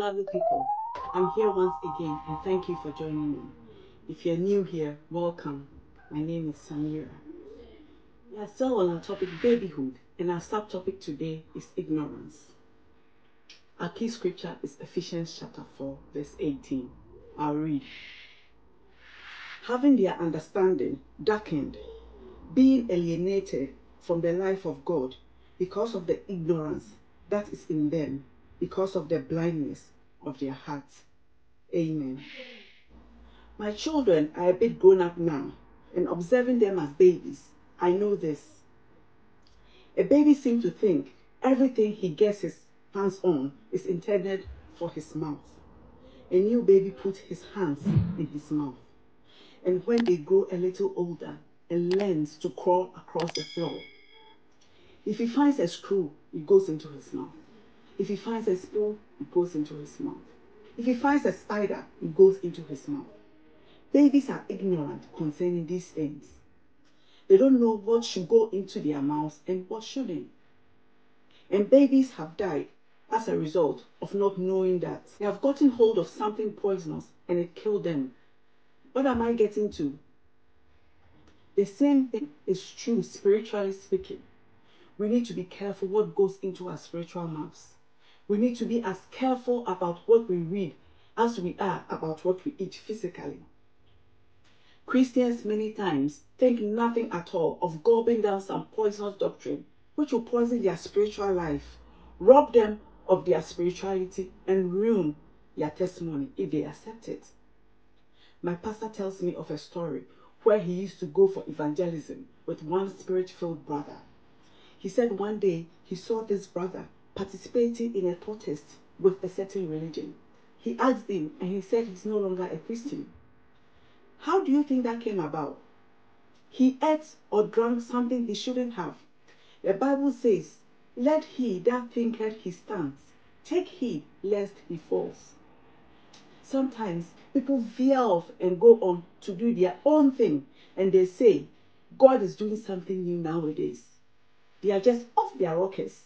lovely people. I'm here once again and thank you for joining me. If you're new here, welcome. My name is Samira. We are still on our topic babyhood, and our subtopic today is ignorance. Our key scripture is Ephesians chapter 4, verse 18. I'll read. Having their understanding darkened, being alienated from the life of God because of the ignorance that is in them because of the blindness of their hearts. Amen. My children are a bit grown up now, and observing them as babies, I know this. A baby seems to think everything he gets his hands on is intended for his mouth. A new baby puts his hands in his mouth. And when they grow a little older, and learns to crawl across the floor. If he finds a screw, it goes into his mouth. If he finds a spoon, it goes into his mouth. If he finds a spider, it goes into his mouth. Babies are ignorant concerning these things. They don't know what should go into their mouths and what shouldn't. And babies have died as a result of not knowing that. They have gotten hold of something poisonous and it killed them. What am I getting to? The same thing is true spiritually speaking. We need to be careful what goes into our spiritual mouths. We need to be as careful about what we read as we are about what we eat physically. Christians many times think nothing at all of gulping down some poisonous doctrine which will poison their spiritual life, rob them of their spirituality, and ruin their testimony if they accept it. My pastor tells me of a story where he used to go for evangelism with one spirit filled brother. He said one day he saw this brother participating in a protest with a certain religion. He asked him, and he said he's no longer a Christian. How do you think that came about? He ate or drank something he shouldn't have. The Bible says, Let he that thinketh he stands take heed lest he falls. Sometimes people veer off and go on to do their own thing, and they say, God is doing something new nowadays. They are just off their rockets.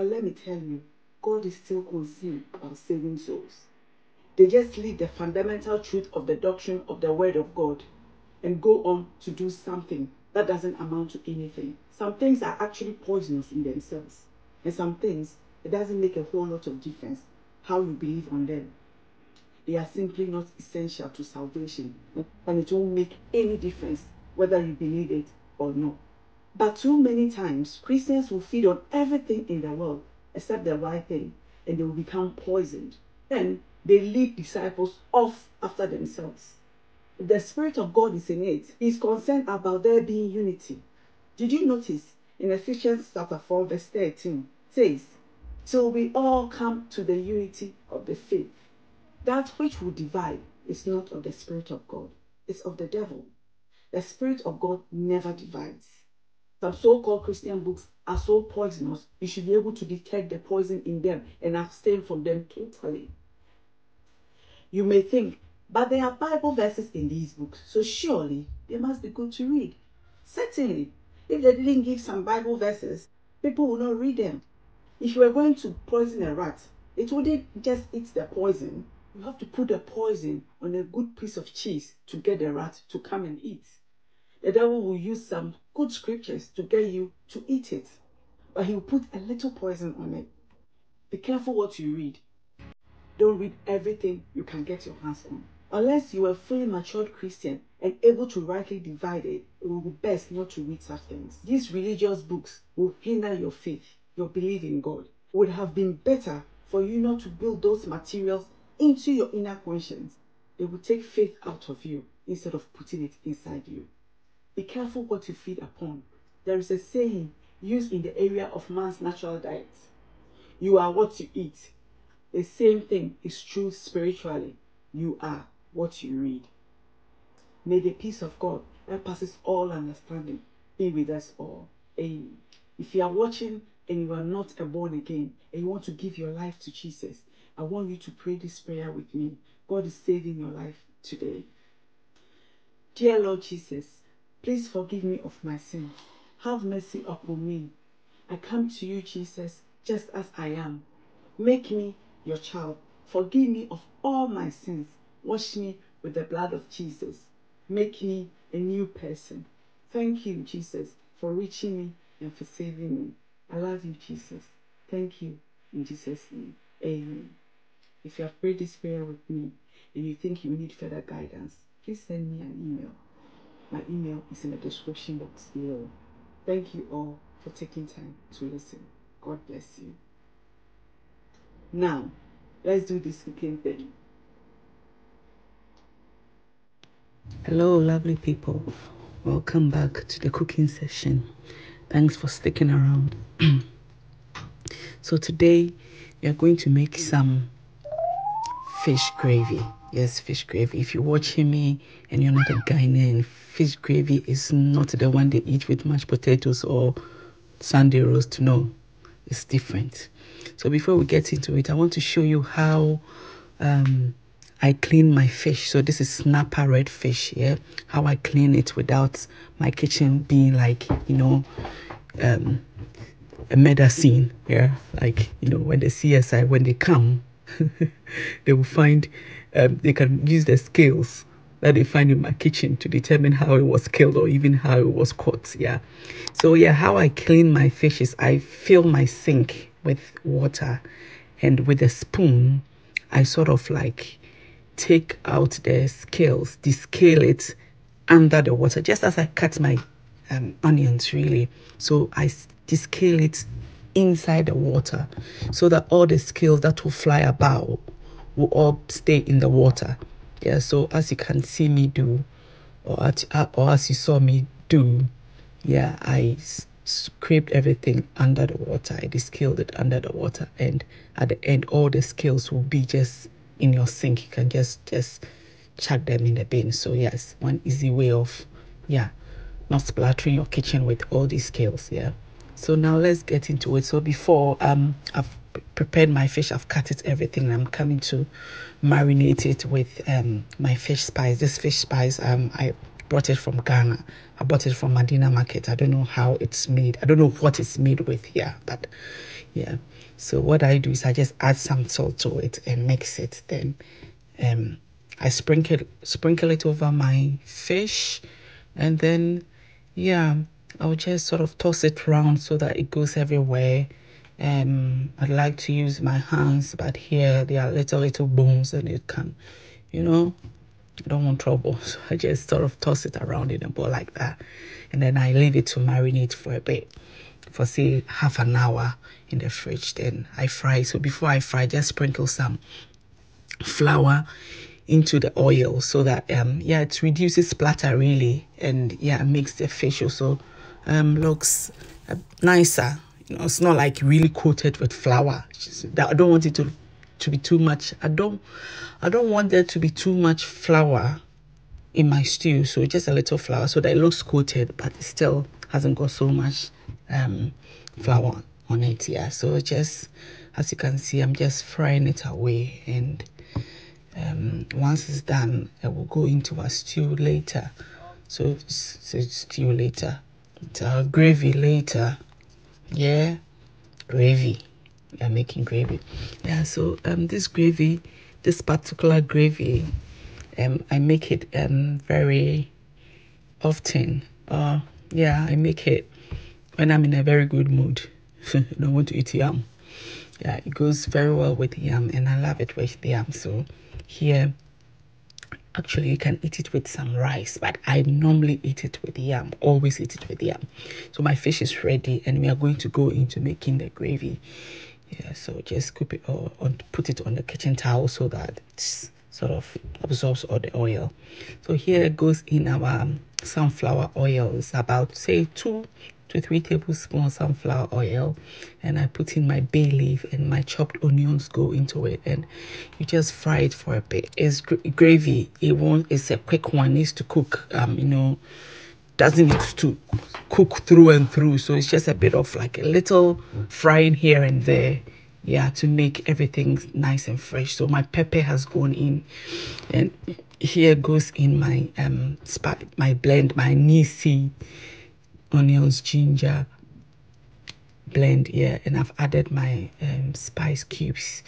But let me tell you, God is still concerned on saving souls. They just leave the fundamental truth of the doctrine of the Word of God and go on to do something that doesn't amount to anything. Some things are actually poisonous in themselves, and some things, it doesn't make a whole lot of difference how you believe on them. They are simply not essential to salvation, and it won't make any difference whether you believe it or not. But too many times, Christians will feed on everything in the world except the right thing, and they will become poisoned. Then they lead disciples off after themselves. If the Spirit of God is in it, He is concerned about there being unity. Did you notice in Ephesians chapter 4, verse 13 says, Till we all come to the unity of the faith, that which will divide is not of the Spirit of God, it's of the devil. The Spirit of God never divides. Some so-called Christian books are so poisonous, you should be able to detect the poison in them and abstain from them totally. You may think, but there are Bible verses in these books, so surely they must be good to read. Certainly, if they didn't give some Bible verses, people would not read them. If you were going to poison a rat, it wouldn't just eat the poison. You have to put the poison on a good piece of cheese to get the rat to come and eat. The devil will use some good scriptures to get you to eat it, but he'll put a little poison on it. Be careful what you read. Don't read everything you can get your hands on. Unless you are a fully matured Christian and able to rightly divide it, it will be best not to read such things. These religious books will hinder your faith, your belief in God. It would have been better for you not to build those materials into your inner conscience. They will take faith out of you instead of putting it inside you. Be careful what you feed upon. There is a saying used in the area of man's natural diet you are what you eat. The same thing is true spiritually. You are what you read. May the peace of God that passes all understanding be with us all. Amen. If you are watching and you are not a born again and you want to give your life to Jesus, I want you to pray this prayer with me. God is saving your life today. Dear Lord Jesus, Please forgive me of my sin. Have mercy upon me. I come to you, Jesus, just as I am. Make me your child. Forgive me of all my sins. Wash me with the blood of Jesus. Make me a new person. Thank you, Jesus, for reaching me and for saving me. I love you, Jesus. Thank you. In Jesus' name. Amen. If you have prayed this prayer with me and you think you need further guidance, please send me an email. My email is in the description box below. Thank you all for taking time to listen. God bless you. Now, let's do this cooking thing. Hello, lovely people. Welcome back to the cooking session. Thanks for sticking around. so, today we are going to make some fish gravy. Yes, fish gravy. If you're watching me and you're not a Ghanaian, fish gravy is not the one they eat with mashed potatoes or Sunday roast. No, it's different. So before we get into it, I want to show you how um, I clean my fish. So this is snapper red fish, yeah? How I clean it without my kitchen being like, you know, um, a medicine, yeah? Like, you know, when the CSI, when they come, they will find um, they can use the scales that they find in my kitchen to determine how it was killed or even how it was caught. Yeah. So yeah, how I clean my fish is I fill my sink with water and with a spoon I sort of like take out the scales, descale it under the water, just as I cut my um, onions really. So I descale it inside the water so that all the scales that will fly about will all stay in the water. Yeah, so as you can see me do, or, at, or as you saw me do, yeah, I scraped everything under the water. I descaled it under the water, and at the end, all the scales will be just in your sink. You can just just chuck them in the bin. So yes, one easy way of, yeah, not splattering your kitchen with all these scales. Yeah. So now let's get into it. So before um, I've prepared my fish, I've cut it everything. I'm coming to marinate it with um, my fish spice. This fish spice um, I brought it from Ghana. I bought it from Madina Market. I don't know how it's made. I don't know what it's made with here, but yeah. So what I do is I just add some salt to it and mix it. Then um, I sprinkle sprinkle it over my fish, and then yeah. I'll just sort of toss it around so that it goes everywhere. Um, I'd like to use my hands, but here there are little, little bones and it can, you know, I don't want trouble. So I just sort of toss it around in a bowl like that. And then I leave it to marinate for a bit, for say half an hour in the fridge. Then I fry. So before I fry, just sprinkle some flour into the oil so that, um, yeah, it reduces splatter really. And yeah, makes the fish also um, looks uh, nicer. You know, it's not like really coated with flour. I don't want it to to be too much. I don't I don't want there to be too much flour in my stew, so just a little flour so that it looks coated, but it still hasn't got so much um, flour on it. Yeah, so just as you can see, I'm just frying it away, and um, once it's done, it will go into a stew later. So, so stew later. It's our gravy later. Yeah, gravy. We are making gravy. Yeah, so um, this gravy, this particular gravy, um, I make it um very often. Uh, yeah, I make it when I'm in a very good mood. I don't want to eat yam. Yeah, it goes very well with yam, and I love it with yam. So here. Actually, you can eat it with some rice, but I normally eat it with yam. Always eat it with yam. So my fish is ready, and we are going to go into making the gravy. Yeah, so just scoop it or, or put it on the kitchen towel so that it's sort of absorbs all the oil so here goes in our um, sunflower oil it's about say two to 3 tablespoons sunflower oil and I put in my bay leaf and my chopped onions go into it and you just fry it for a bit. It's gr gravy. It won't, it's a quick one. It needs to cook, um, you know, doesn't need to cook through and through. So it's just a bit of like a little frying here and there yeah to make everything nice and fresh so my pepper has gone in and here goes in my um my blend my nisi onions, ginger blend here and I've added my um, spice cubes.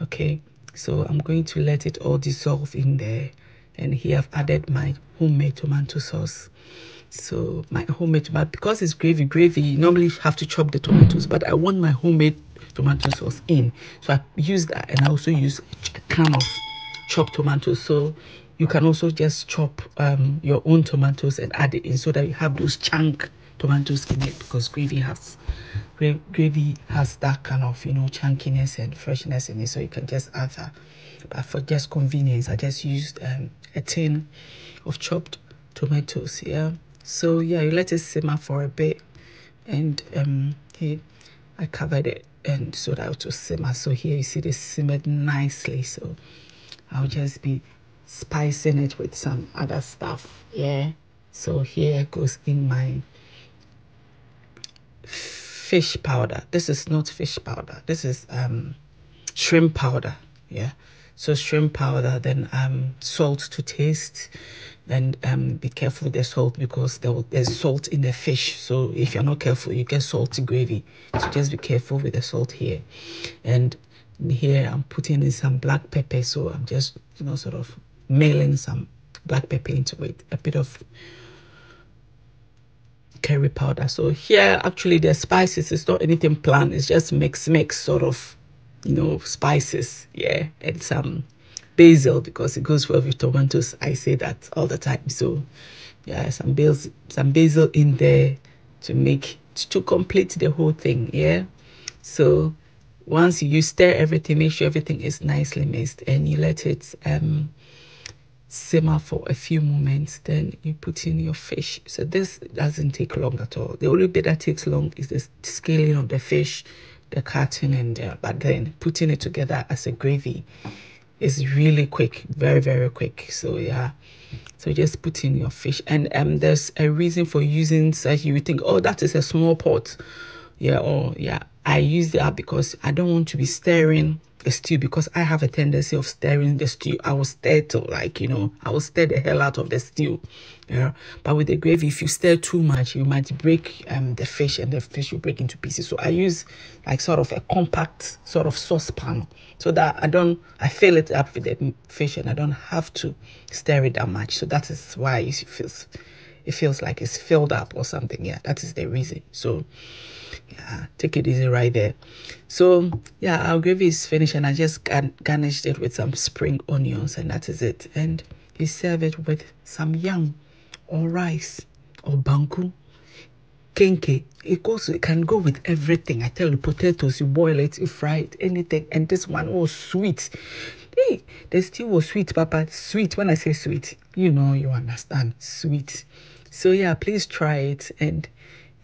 Okay, so I'm going to let it all dissolve in there. And here I've added my homemade tomato sauce. So my homemade but because it's gravy, gravy, you normally have to chop the tomatoes, but I want my homemade tomato sauce in. So I use that and I also use a can of chopped tomatoes. So you can also just chop um, your own tomatoes and add it in so that you have those chunk tomatoes in it because gravy has gravy has that kind of you know chunkiness and freshness in it so you can just add that but for just convenience i just used um, a tin of chopped tomatoes yeah so yeah you let it simmer for a bit and um here i covered it and so that it will simmer so here you see this simmered nicely so i'll just be spicing it with some other stuff yeah so here goes in my fish powder. This is not fish powder. This is um, shrimp powder. Yeah. So shrimp powder, then um, salt to taste, and um, be careful with the salt because there will, there's salt in the fish. So if you're not careful, you get salty gravy. So just be careful with the salt here. And here I'm putting in some black pepper. So I'm just you know sort of mailing some black pepper into it. A bit of curry powder so here actually the spices is not anything planned it's just mix mix sort of you know spices yeah and some basil because it goes well with tomatoes i say that all the time so yeah some basil some basil in there to make to complete the whole thing yeah so once you stir everything make sure everything is nicely mixed and you let it um simmer for a few moments then you put in your fish so this doesn't take long at all the only bit that takes long is the scaling of the fish the cutting and there but then putting it together as a gravy is really quick very very quick so yeah so just put in your fish and um there's a reason for using such you think oh that is a small pot yeah oh yeah i use that because i don't want to be stirring a stew because I have a tendency of stirring the stew. I will stir to like, you know, I will stir the hell out of the stew. Yeah. But with the gravy, if you stir too much, you might break um, the fish and the fish will break into pieces. So I use like sort of a compact sort of saucepan so that I don't, I fill it up with the fish and I don't have to stir it that much. So that is why use feels it feels like it's filled up or something. Yeah, that is the reason. So, yeah, take it easy right there. So, yeah, our gravy is finished, and I just garnished it with some spring onions, and that is it. And you serve it with some yam or rice or banku kenke. It goes. It can go with everything. I tell you, potatoes. You boil it, you fry it, anything. And this one was sweet. Hey, the stew was sweet, Papa. Sweet. When I say sweet, you know, you understand. Sweet. So yeah, please try it and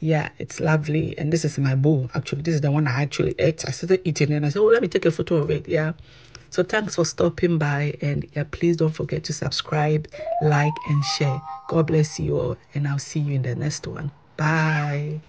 yeah, it's lovely. And this is my bowl. Actually, this is the one I actually ate. I started eating and I said, oh, let me take a photo of it. Yeah. So thanks for stopping by. And yeah, please don't forget to subscribe, like, and share. God bless you all. And I'll see you in the next one. Bye.